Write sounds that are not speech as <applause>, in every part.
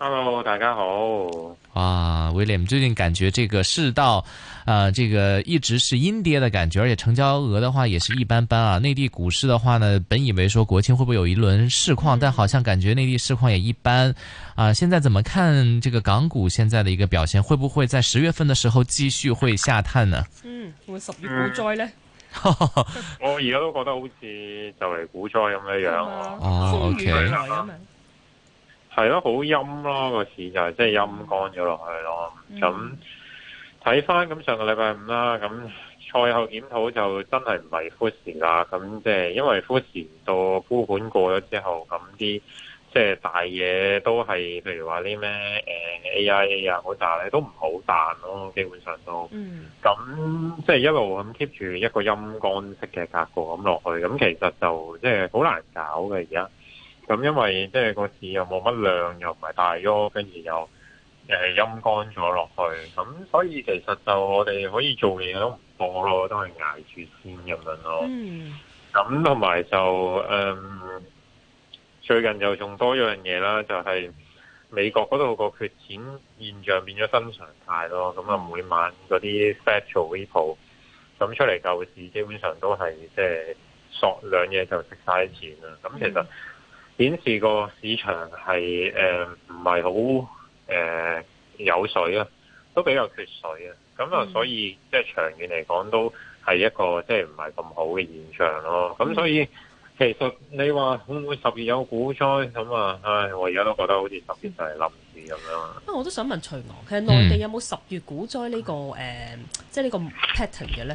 Hello，大家好。啊，William 最近感覺這個市道，啊、呃，這個一直是陰跌的感覺，而且成交額的話也是一般般啊。內地股市的話呢，本以為說國慶會不會有一輪市況，但好像感覺內地市況也一般。啊、呃，現在怎麼看這個港股現在的一個表現？會不會在十月份的時候繼續會下探呢？嗯，會十月股災呢？我而家都覺得好似就嚟股災咁嘅樣、啊、哦。啊，OK。 <laughs> 係咯，好陰咯，個市就係即係陰乾咗落去咯。咁睇翻咁上個禮拜五啦，咁賽後檢討就真係唔係復市啦。咁即係因為復市到沽盤過咗之後，咁啲即係大嘢都係，譬如話啲咩誒 A I 啊嗰啲，都唔好彈咯。基本上都，咁即係一路咁 keep 住一個陰乾式嘅格局咁落去。咁其實就即係好難搞嘅而家。咁因為即係個市又冇乜量，又唔係大咯，跟住又誒、呃、陰乾咗落去，咁所以其實就我哋可以做嘅嘢都唔多咯，都係捱住先咁樣咯。咁同埋就誒、嗯、最近又仲多一樣嘢啦，就係、是、美國嗰度個缺錢現象變咗新常態咯。咁啊，每晚嗰啲 federal repo 咁出嚟救市，基本上都係即係索兩嘢就食晒錢啦。咁其實～、嗯顯示個市場係誒唔係好誒有水啊，都比較缺水啊。咁啊，所以即係長遠嚟講都係一個即係唔係咁好嘅現象咯。咁所以其實你話會唔會十月有股災咁啊？唉，我而家都覺得好似十月就係臨時咁樣。啊、嗯，我都想問徐鵪，其實內地有冇十月股災呢、呢個誒、嗯呃，即係呢個 pattern 嘅咧？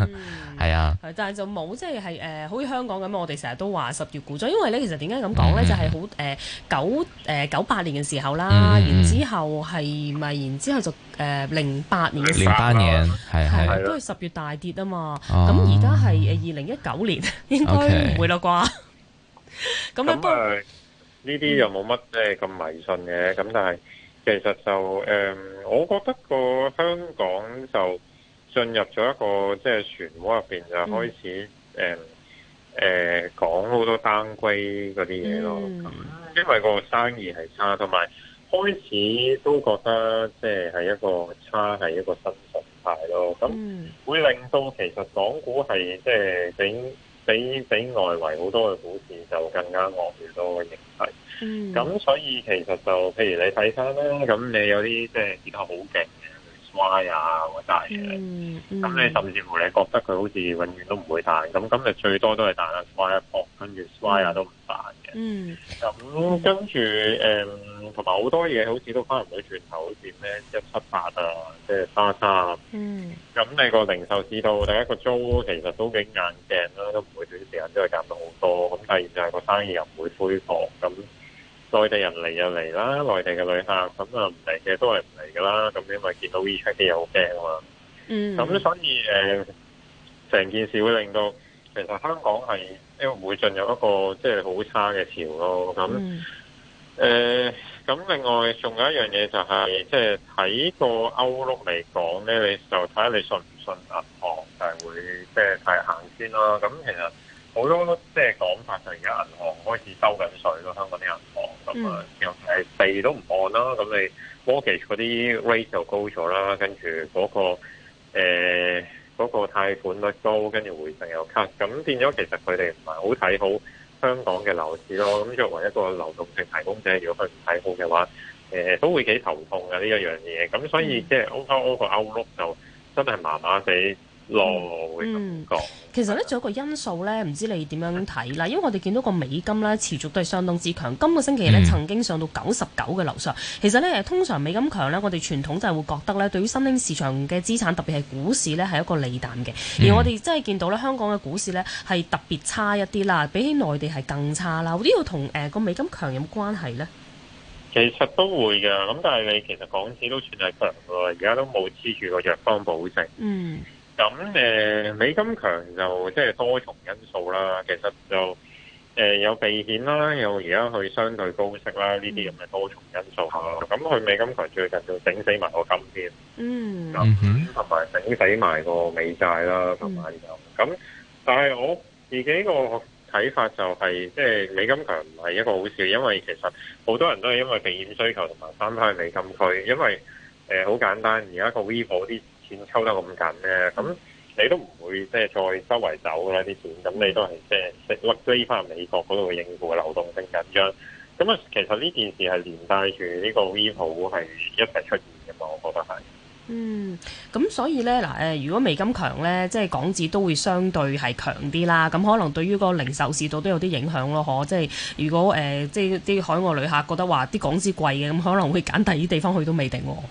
係啊，係但係就冇即係，係誒，好似香港咁啊！我哋成日都話十月股災，因為咧，其實點解咁講咧，就係好誒九誒九八年嘅時候啦，然之後係咪？然之後就誒零八年嘅時候，零八年係啊，都係十月大跌啊嘛。咁而家係誒二零一九年，應該唔會啦啩？咁啊，不過呢啲又冇乜即係咁迷信嘅。咁但係其實就誒，我覺得個香港就。進入咗一個即係漩渦入邊，就開始誒誒講好多單歸嗰啲嘢咯，因為個生意係差，同埋開始都覺得即係係一個差係一個新常態咯。咁、嗯、會令到其實港股係即係比比比外圍好多嘅股市就更加惡劣多嘅形勢。咁、嗯嗯、所以其實就譬如你睇翻啦，咁你有啲即係而家好勁嘅。Y 啊，嗰啲嘢，咁、嗯、你甚至乎你覺得佢好似永遠都唔會彈，咁咁誒最多都係彈啊 Y 一波，跟住 Y 啊都唔彈嘅、嗯。嗯，咁跟住誒，同埋好多嘢好似都翻唔到轉頭，好似咩一七八啊，即係莎莎啊。嗯，咁、啊啊嗯、你個零售市道，第一個租其實都幾硬淨啦，都唔會短時間之內減到好多。咁第二就係個生意又唔會恢復咁。內地人嚟就嚟啦，內地嘅旅客，咁啊唔嚟嘅都係唔嚟噶啦，咁因為見到 WeChat 嘅又驚啊嘛，咁、嗯、所以誒，成、呃、件事會令到其實香港係因為唔會進入一個即係好差嘅潮咯，咁誒，咁、嗯呃、另外仲有一樣嘢就係即係睇個歐陸嚟講咧，你就睇下你信唔信銀行但係會即係、即係、太行先咯，咁其實。好多即係講法就而家銀行開始收緊水咯，香港啲銀行咁啊，又誒、嗯、地都唔按啦，咁你 mortgage 嗰啲 rate 就高咗啦，跟住嗰個誒嗰、欸那個、貸款率高，跟住匯成又 cut。咁變咗其實佢哋唔係好睇好香港嘅樓市咯。咁作為一個流動性提供者，如果佢唔睇好嘅話，誒、欸、都會幾頭痛嘅呢一樣嘢。咁所以即係歐歐個 outlook 就真係麻麻地。嗯嗯、其實呢，仲有個因素呢，唔知你點樣睇啦？嗯、因為我哋見到個美金呢，持續都係相當之強，今個星期呢，嗯、曾經上到九十九嘅樓上。其實呢，通常美金強呢，我哋傳統就係會覺得呢，對於新興市場嘅資產，特別係股市呢，係一個利淡嘅。嗯、而我哋真係見到呢，香港嘅股市呢，係特別差一啲啦，比起內地係更差啦。呢個同誒個美金強有冇關係呢？其實都會㗎，咁但係你其實港紙都算係強嘅，而家都冇黐住個弱方保證。嗯。咁誒、呃、美金強就即係多重因素啦，其實就誒、呃、有避險啦，有而家佢相對高息啦，呢啲咁嘅多重因素下，咁佢、mm hmm. 美金強最近就整死埋個金添，嗯、mm，同埋整死埋個美債啦，同埋咁。但係我自己個睇法就係、是，即、就、係、是、美金強唔係一個好事，因為其實好多人都係因為避險需求同埋返返去美金區，因為誒好、呃、簡單，而家個 VIVO 啲。抽得咁緊咧，咁你都唔會即係再周圍走啦啲錢，咁你都係即係即匿返喺美國嗰度應付嘅流動性緊張。咁啊，其實呢件事係連帶住呢個 v e p o 係一齊出現嘅嘛，我覺得係。嗯，咁所以咧嗱，誒，如果美金強咧，即係港紙都會相對係強啲啦。咁可能對於嗰個零售市道都，都有啲影響咯，嗬。即係如果誒、呃，即係啲海外旅客覺得話啲港紙貴嘅，咁可能會揀第二地方去都未定喎。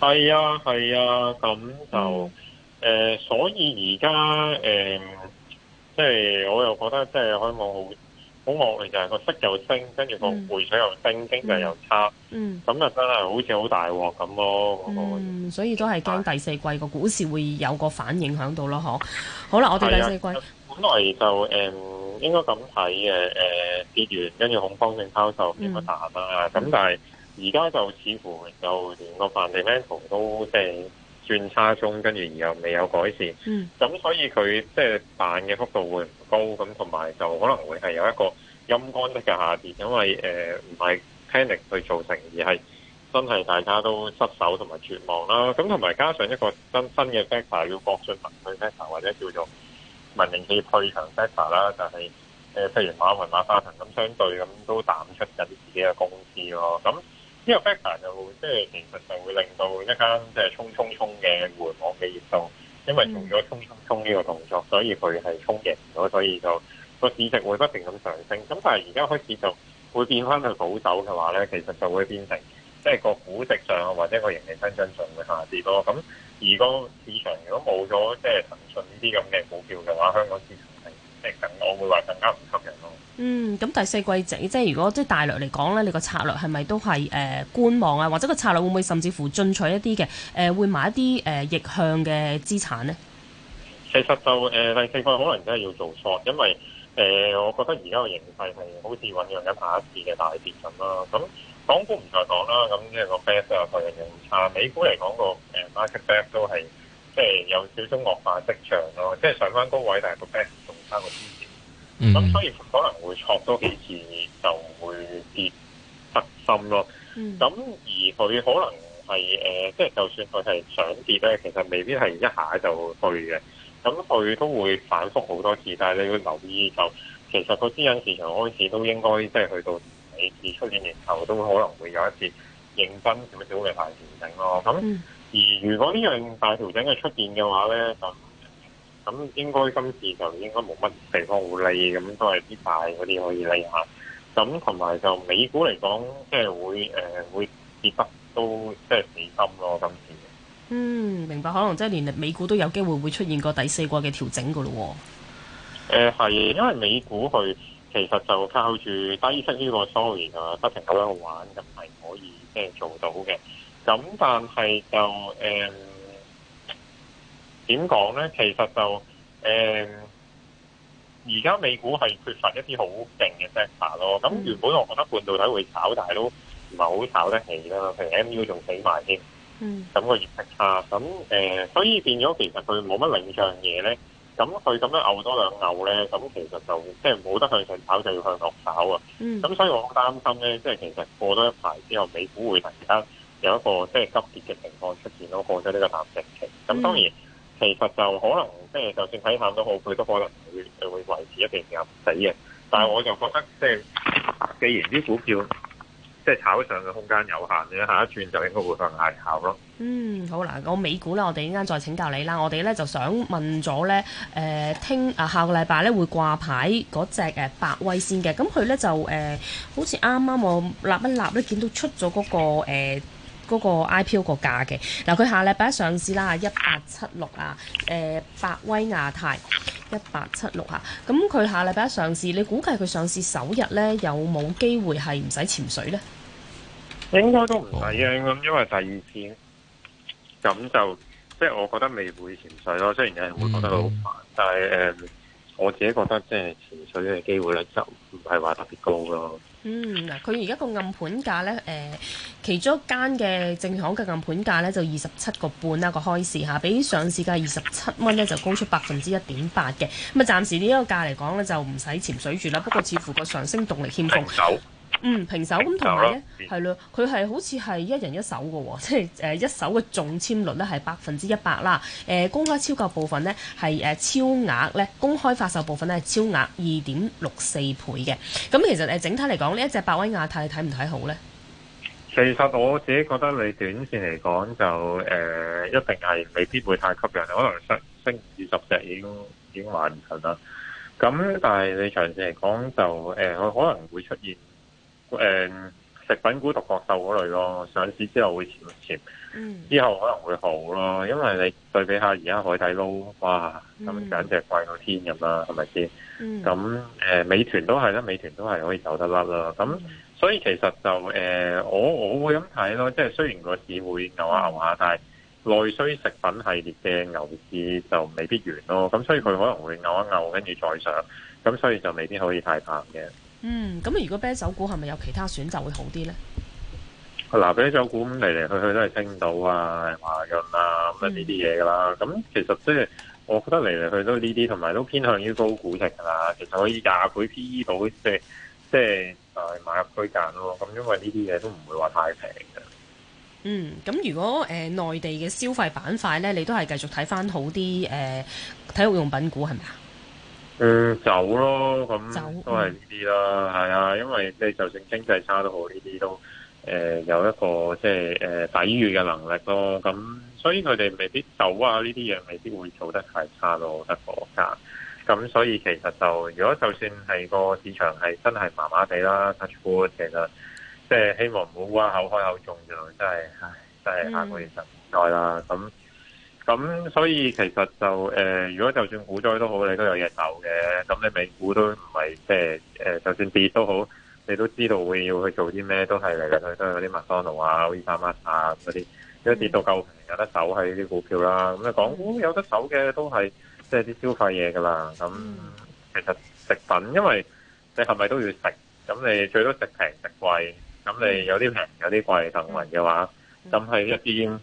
係啊，係啊，咁就誒、嗯呃，所以而家誒，即係我又覺得即係開幕好，好惡劣就係個息又升，跟住個匯水又升，經濟又差，咁、嗯嗯、就真係好似好大鑊咁咯。那個、嗯，所以都係驚第四季個股市會有個反應響到咯，嗬。好啦，我哋第四季、啊、本嚟就誒、呃，應該咁睇嘅，誒跌完，跟住恐慌性拋售咁咪彈啦。咁、嗯、但係而家就似乎就連個泛地量圖都即係轉差中，跟住而又未有改善。咁、嗯、所以佢即係彈嘅幅度會唔高，咁同埋就可能會係有一個陰乾咁嘅下跌，因為誒唔、呃、係 panic 去造成，而係真係大家都失守同埋絕望啦。咁同埋加上一個新新嘅 factor 要國進民退 factor，或者叫做民營企業退場 factor 啦，就係、是、誒、呃、譬如馬雲、馬化騰咁，相對咁都淡出緊自己嘅公司咯。咁呢個 factor 就即係其實就會令到一間即係衝衝衝嘅互聯網嘅熱度，因為做咗衝衝衝呢個動作，所以佢係衝贏咗，所以就個市值會不停咁上升。咁但係而家開始就會變翻去保守嘅話咧，其實就會變成即係、就是、個估值上或者個盈利增長上會下跌咯。咁如果市場如果冇咗即係騰訊呢啲咁嘅股票嘅話，香港市場誒，我會話更加唔吸引咯。嗯，咁第四季整即係如果即係大略嚟講咧，你個策略係咪都係誒觀望啊？或者個策略會唔會甚至乎進取一啲嘅？誒，會買一啲誒逆向嘅資產咧？其實就誒第四季可能真係要做錯，因為誒我覺得而家個形勢係好似醞釀一排一次嘅大跌咁啦。咁港股唔再講啦，咁即係個 best 啊，個人認差。美股嚟講個誒 market back 都係即係有少少惡化跡象咯，即係上翻高位，但係個 best。三咁、嗯、所以可能會錯多幾次就會跌得深咯。咁、嗯、而佢可能係誒，即、呃、係就算佢係想跌咧，其實未必係一下就去嘅。咁佢都會反覆好多次，但係你要留意就，其實個資引市場開始都應該即係去到尾次出現年頭，都可能會有一次認真少少嘅大調整咯。咁、嗯、而如果呢樣大調整嘅出現嘅話咧，就咁應該今次就應該冇乜地方好匿，咁都係啲大嗰啲可以匿下。咁同埋就美股嚟講，即係會誒、呃、會跌得都即係幾深咯，今次。嗯，明白。可能即係連美股都有機會會出現個第四個嘅調整噶咯。誒係、呃，因為美股佢其實就靠住低息呢個 sorry 啊，不停咁樣玩，咁係可以即係、呃、做到嘅。咁但係就誒。呃點講咧？其實就誒，而、呃、家美股係缺乏一啲好勁嘅 sector 咯。咁原本我覺得半導體會炒，但係都唔係好炒得起啦。譬如 MU 仲死埋添，咁個業績差，咁、呃、誒，所以變咗其實佢冇乜領漲嘢咧。咁佢咁樣嘔多兩嘔咧，咁其實就即係冇得向上炒，就要向落炒啊。咁、嗯、所以我好擔心咧，即係其實過咗一排之後，美股會突然間有一個即係急跌嘅情況出現咯。過咗呢個淡靜期，咁、嗯、當然。其實就可能即係，就算睇下都好，佢都可能會係會維持一定唔死嘅。但係我就覺得，即係既然啲股票即係炒上嘅空間有限，你下一轉就應該會向下炒咯。嗯，好啦，個美股咧，我哋一陣再請教你啦。我哋咧就想問咗咧，誒、呃、聽啊，下個禮拜咧會掛牌嗰隻誒百威先嘅。咁佢咧就誒、呃，好似啱啱我立一立咧，見到出咗嗰、那個、呃嗰個 IPO 個價嘅，嗱佢下禮拜上市啦，一八七六啊，誒百威亞太一八七六啊，咁佢下禮拜上市，你估計佢上市首日咧有冇機會係唔使潛水咧？應該都唔使啊，咁因為第二次，咁就即係我覺得未會潛水咯。雖然有人會覺得佢好煩，嗯、但係誒，我自己覺得即係潛水嘅機會咧就唔係話特別高咯。嗯嗱，佢而家個暗盤價呢，誒、呃、其中一間嘅證券行嘅暗盤價呢，就二十七個半啦，這個開市嚇比上市價二十七蚊呢，就高出百分之一點八嘅咁啊，暫、嗯、時呢一個價嚟講呢，就唔使潛水住啦，不過似乎個上升動力欠奉。嗯，平手咁同埋咧，係咯手，佢係有的好似係一人一手嘅喎，即係誒一手嘅中簽率咧係百分之一百啦。誒公開超購部分咧係誒超額咧公開發售部分咧係超額二點六四倍嘅。咁其實誒整體嚟講，呢一隻百威亞太睇唔睇好咧？其實我自己覺得你短線嚟講就誒、呃、一定係未必會太吸引，可能升升二十隻已經已經完場啦。咁但係你長線嚟講就誒，佢、呃、可能會出現。誒、嗯、食品股獨角獸嗰類咯，上市之後會潛潛，之後可能會好咯。因為你對比下而家海底撈，哇，咁簡直貴到天咁啦，係咪先？咁誒、嗯嗯嗯，美團都係啦，美團都係可以走得甩啦。咁、嗯嗯、所以其實就誒、呃，我我會咁睇咯，即係雖然個市會牛下牛下，但係內需食品系列嘅牛市就未必完咯。咁所以佢可能會牛一牛，跟住再上，咁所以就未必可以太淡嘅。嗯，咁如果啤酒股係咪有其他選擇會好啲咧？嗱、嗯，啤酒股咁嚟嚟去去都係青島啊、華潤啊咁啊呢啲嘢噶啦。咁其實即係、就是、我覺得嚟嚟去都呢啲，同埋都偏向於高估值噶啦。其實可以廿倍 P E 到即係即係誒買入區間咯。咁因為呢啲嘢都唔會話太平嘅。嗯，咁如果誒內、呃、地嘅消費板塊咧，你都係繼續睇返好啲誒、呃、體育用品股係咪啊？嗯，走咯，咁走都係呢啲啦，係啊，因為你就算經濟差都好，呢啲都誒、呃、有一個即係誒、呃、抵禦嘅能力咯，咁所以佢哋未必走啊呢啲嘢，未必會做得太差咯，得個家，咁所以其實就如果就算係個市場係真係麻麻地啦，touch wood，其實即係希望唔好話口開口中咗，真係，真係下個月就年代啦，咁、嗯。嗯咁、嗯、所以其實就誒、呃，如果就算股災都好，你都有嘢走嘅。咁你美股都唔係即係誒，就算跌都好，你都知道會要去做啲咩，都係嚟嚟去都去嗰啲麥當勞啊、維他奶啊嗰啲，因為跌到夠平有得走喺啲股票啦。咁你港股有得走嘅都係即係啲消費嘢噶啦。咁其實食品，因為你係咪都要食？咁你最多食平食貴，咁你有啲平有啲貴等運嘅話，咁係一啲。嗯。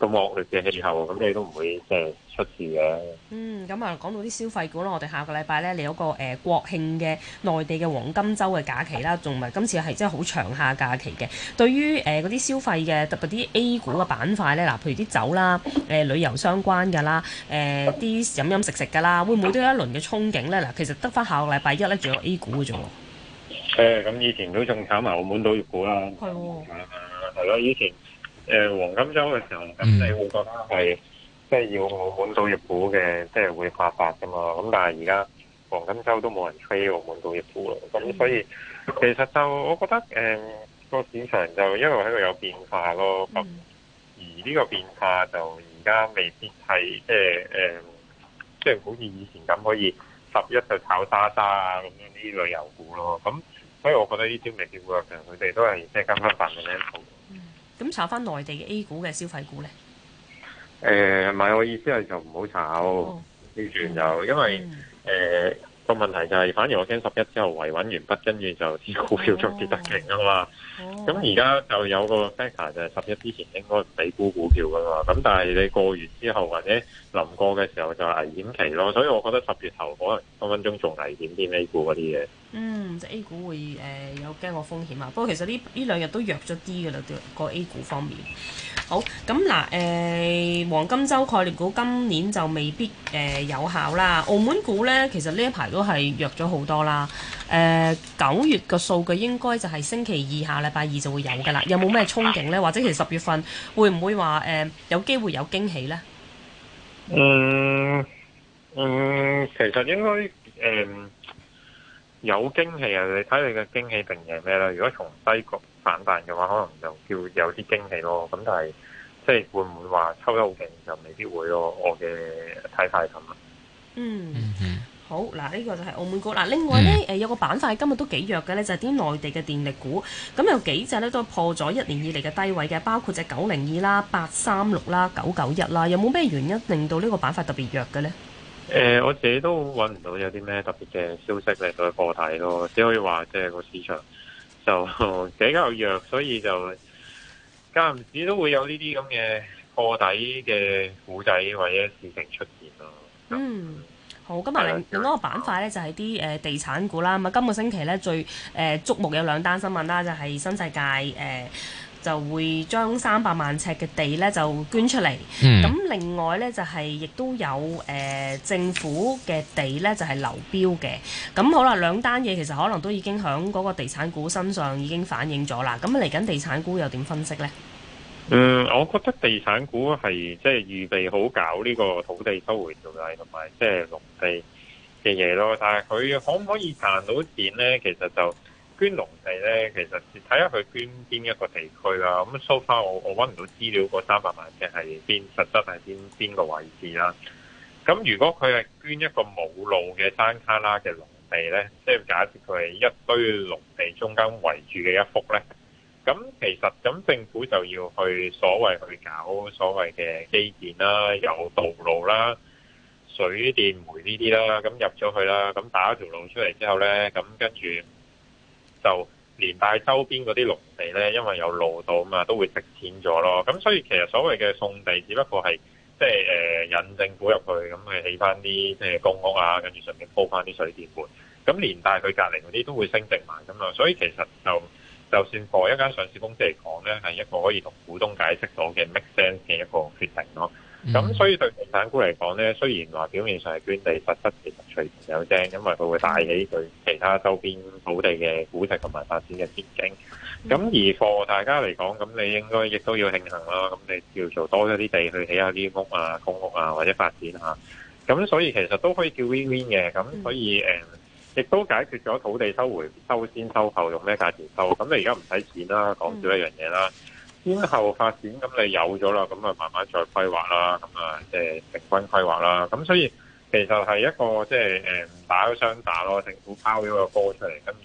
咁惡劣嘅氣候，咁你都唔會即係出事嘅。嗯，咁、嗯、啊，講到啲消費股啦，我哋下個禮拜咧，你有個誒、呃、國慶嘅內地嘅黃金周嘅假期啦，仲係今次係真係好長下假期嘅。對於誒嗰啲消費嘅特別啲 A 股嘅板塊咧，嗱，譬如啲酒啦、誒、呃、旅遊相關噶啦、誒、呃、啲飲飲食食噶啦，會唔會都有一輪嘅憧憬咧？嗱，其實得返下個禮拜一咧，仲有 A 股嘅啫喎。咁、呃、以前都仲炒埋澳門賭業股啦。係喎、嗯。咯，嗯、以前。誒、呃、黃金周嘅時候，咁你會覺得係、嗯、即係要澳門組入股嘅，即係會發達噶嘛？咁但係而家黃金周都冇人吹澳門組入股啦。咁、嗯、所以其實就我覺得誒個、呃、市場就因為喺度有變化咯，嗯、而呢個變化就而家未必係即係誒，即、呃、係、呃就是、好似以前咁可以十一就炒渣渣啊咁樣呢類旅遊股咯，咯。咁所以我覺得呢啲未必會，其實佢哋都係即係加翻份嘅 l e v 咁炒翻內地 A 股嘅消費股呢？誒、呃，唔係我意思係就唔好炒呢段、哦、就，因為誒、呃嗯、個問題就係、是，反而我驚十一之後維穩完畢，跟住就啲股票仲跌得勁噶嘛。咁而家就有個 factor 就係十一之前應該唔俾沽股票噶嘛。咁但係你過完之後或者臨過嘅時候就危險期咯。所以我覺得十月頭可能分分鐘仲危險啲 A 股嗰啲嘢。嗯，即 A 股會誒、呃、有驚我風險啊！不過其實呢呢兩日都弱咗啲噶啦，個 A 股方面。好咁嗱誒，黃金周概念股今年就未必誒、呃、有效啦。澳門股咧，其實呢一排都係弱咗好多啦。誒、呃、九月個數據應該就係星期二下禮拜二就會有噶啦。有冇咩憧憬咧？或者其實十月份會唔會話誒、呃、有機會有驚喜咧？嗯嗯，其實應該誒。嗯有驚喜啊！你睇你嘅驚喜定係咩啦？如果從低谷反彈嘅話，可能就叫有啲驚喜咯。咁但係即係會唔會話抽得好勁就未必會咯？我嘅睇法係咁啊。嗯，好嗱，呢、這個就係澳門股嗱。另外呢，誒、呃、有個板塊今日都幾弱嘅呢，就係、是、啲內地嘅電力股。咁、嗯、有幾隻呢，都破咗一年以嚟嘅低位嘅，包括隻九零二啦、八三六啦、九九一啦。有冇咩原因令到呢個板塊特別弱嘅呢？誒、呃，我自己都搵唔到有啲咩特別嘅消息嚟，到去破底咯，只可以話即係個市場就比較弱，所以就間唔時都會有呢啲咁嘅破底嘅股仔或者事情出現咯。嗯，好，今日另一個板塊咧就係啲誒地產股啦。咁啊，今個星期咧最誒矚、呃、目有兩單新聞啦，就係、是、新世界誒。呃就會將三百萬尺嘅地咧就捐出嚟，咁、嗯、另外咧就係、是、亦都有誒、呃、政府嘅地咧就係、是、流標嘅，咁好啦，兩單嘢其實可能都已經喺嗰個地產股身上已經反映咗啦。咁嚟緊地產股又點分析呢？嗯，我覺得地產股係即係預備好搞呢個土地收回條例同埋即係農地嘅嘢咯，但係佢可唔可以賺到錢咧？其實就～捐農地呢，其實睇下佢捐邊一個地區啦、啊。so far 我，我揾唔到資料，嗰三百萬嘅係邊實質係邊邊個位置啦、啊。咁如果佢係捐一個冇路嘅山卡拉嘅農地呢，即係假設佢係一堆農地中間圍住嘅一幅呢，咁其實咁政府就要去所謂去搞所謂嘅基建啦，有道路啦、水電煤呢啲啦，咁入咗去啦，咁打一條路出嚟之後呢，咁跟住。就連帶周邊嗰啲農地呢，因為有路到嘛，都會值錢咗咯。咁所以其實所謂嘅送地，只不過係即係誒引政府入去，咁去起翻啲即係公屋啊，跟住順便鋪翻啲水電盤。咁連帶佢隔離嗰啲都會升值埋咁啊。所以其實就就算過一間上市公司嚟講呢，係一個可以同股東解釋到嘅 make sense 嘅一個決定咯。咁、嗯、所以對地產股嚟講咧，雖然話表面上係捐地，實質其實隨時有聲，因為佢會帶起佢其他周邊土地嘅估值同埋發展嘅前景。咁、嗯、而貨大家嚟講，咁你應該亦都要慶幸啦。咁你叫做多咗啲地去起下啲屋啊、公屋啊或者發展下。咁所以其實都可以叫 win win 嘅。咁所以誒，亦、嗯嗯、都解決咗土地收回收先收後用咩價錢收。咁你而家唔使錢啦，講少一樣嘢啦。嗯先後發展咁你有咗啦，咁啊慢慢再規劃啦，咁啊即係平均規劃啦。咁所以其實係一個即係誒打咗雙打咯，政府拋咗個波出嚟，跟住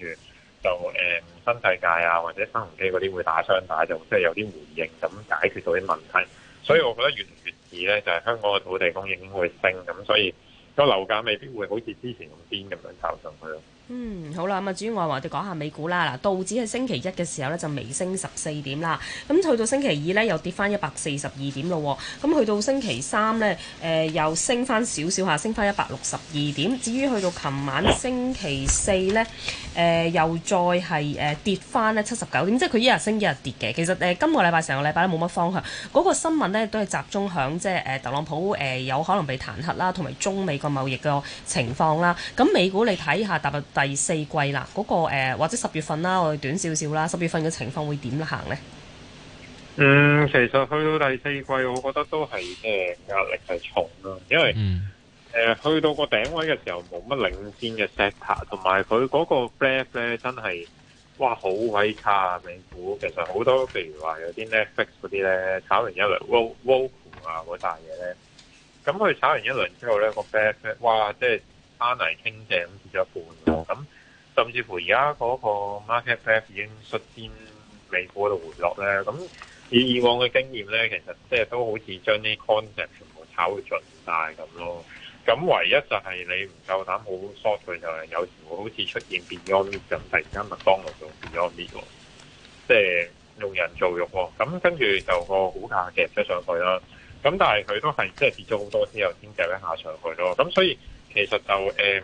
就誒、嗯、新世界啊或者新鴻基嗰啲會打雙打，就即、是、係有啲回應咁解決到啲問題。所以我覺得越嚟越似咧，就係、是、香港嘅土地供應會升，咁所以個樓價未必會好似之前咁癲咁樣炒上去。嗯，好啦，咁啊，至於外話，就哋講下美股啦。嗱，道指喺星期一嘅時候呢，就微升十四點啦，咁去到星期二呢，又跌翻一百四十二點咯。咁去到星期三呢，誒、呃、又升翻少少下，升翻一百六十二點。至於去到琴晚星期四呢，誒、呃、又再係誒、呃、跌翻咧七十九點，即係佢一日升一日跌嘅。其實誒、呃、今個禮拜成個禮拜咧冇乜方向，嗰、那個新聞呢，都係集中喺即係誒、呃、特朗普誒、呃、有可能被彈劾啦，同埋中美個貿易嘅情況啦。咁美股你睇下踏第四季啦，嗰、那個、呃、或者十月份啦，我哋短少少啦，十月份嘅情況會點行咧？嗯，其實去到第四季，我覺得都係誒、呃、壓力係重咯、啊，因為誒、嗯呃、去到個頂位嘅時候冇乜領先嘅 sector 同埋佢嗰個 band 咧真係哇好鬼卡啊！美股其實好多，譬如話有啲 Netflix 嗰啲咧炒完一輪 Roku 啊嗰大嘢咧，咁佢炒完一輪之後咧、那個 band 咧哇即係～翻嚟傾正跌咗一半，咁甚至乎而家嗰個 market cap 已經率先美股嗰度回落咧，咁以以往嘅經驗咧，其實即係都好似將啲 concept 全部炒盡曬咁咯。咁唯一就係你唔夠膽好 short 退，就係有時會好似出現 Beyond Meat 咁，突然間麥當勞都 Beyond Meat 嘅，即係用人造肉喎。咁跟住就個股價嘅出上去啦。咁但係佢都係即係跌咗好多天，又先正一下上去咯。咁所以。其實就誒，而、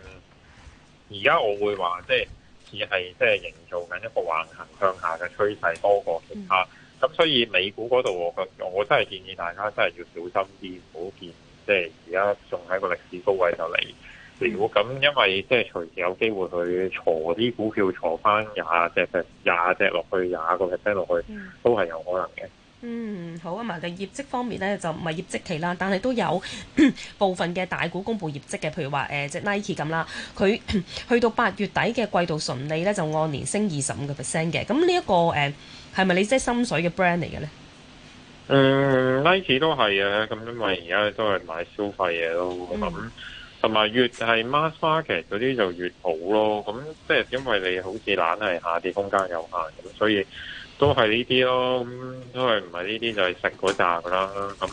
嗯、家我會話即係只係即係營造緊一個橫行向下嘅趨勢多過其他，咁、嗯、所以美股嗰度我我真係建議大家真係要小心啲，唔好見即係而家仲喺個歷史高位就嚟，如果咁因為即係隨時有機會去坐啲股票坐翻廿隻，廿隻落去廿個 percent 落去，都係有可能嘅。嗯嗯，好啊，但業績方面咧就唔係業績期啦，但係都有 <coughs> 部分嘅大股公布業績嘅，譬如話誒、呃，即 Nike 咁啦，佢去到八月底嘅季度純利咧就按年升二十五個 percent 嘅，咁呢一個誒係咪你即係心水嘅 brand 嚟嘅咧？誒、嗯、Nike 都係啊，咁因為而家都係買消費嘢咯，咁同埋越係 mass market 嗰啲就越好咯，咁即係因為你好似難係下跌空間有限咁，所以。都係呢啲咯，咁因為唔係呢啲就係食嗰扎噶啦，咁、嗯、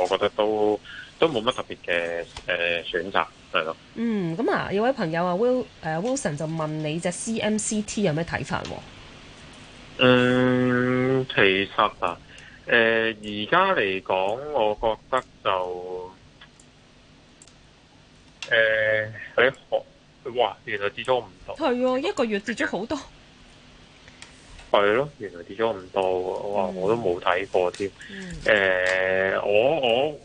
我覺得都都冇乜特別嘅誒、呃、選擇，係咯。嗯，咁啊，有位朋友啊 Will、uh, Wilson 就問你隻 CMCT 有咩睇法喎？嗯，其實啊，誒而家嚟講，我覺得就誒你學哇，其實跌咗唔多，係啊、哦，一個月跌咗好多。係咯，原來跌咗咁多，哇！我都冇睇過添。誒、嗯欸，我我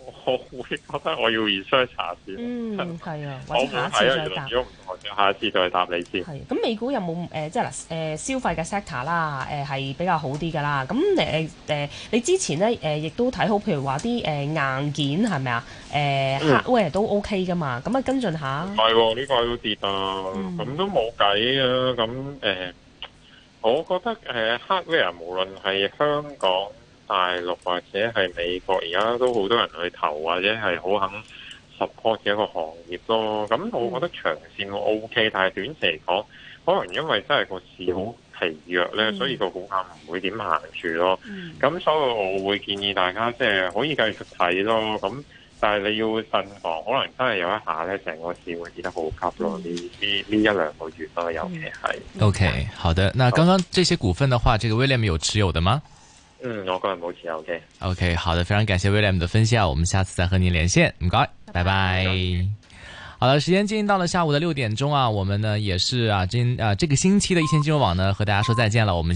我會覺得我要 research 查先。嗯，係啊，或者下一次再答。下一次再答你先。係。咁美股有冇誒、呃？即係嗱，誒、呃、消費嘅 sector 啦、呃，誒係比較好啲㗎啦。咁誒誒，你之前咧誒亦都睇好，譬如話啲誒硬件係咪啊？誒、呃嗯、hardware 都 OK 㗎嘛。咁啊，跟進下。唔係喎，呢、嗯、個都跌啊。咁都冇計啊。咁、呃、誒。我覺得誒 hardware 無論係香港、大陸或者係美國，而家都好多人去投，或者係好肯 support 一個行業咯。咁我覺得長線會 OK，但係短期嚟講，可能因為真係個市好疲弱咧，嗯、所以個股價唔會點行住咯。咁、嗯、所以我會建議大家即係可以繼續睇咯。咁。但係你要慎防，可能真係有一下呢，成個市會跌得好急咯。呢呢、嗯、一兩、嗯、一個月咯，尤其係。O K，好的。那剛剛這些股份的話，這個 William 有持有的嗎？嗯，我個人冇持有嘅。O K，好的，非常感謝 William 的分析啊！我們下次再和您連線。唔該，拜拜。好了，時間進行到了下午的六點鐘啊，我們呢也是啊今啊這個星期的一線金融網呢，和大家說再見了。我們。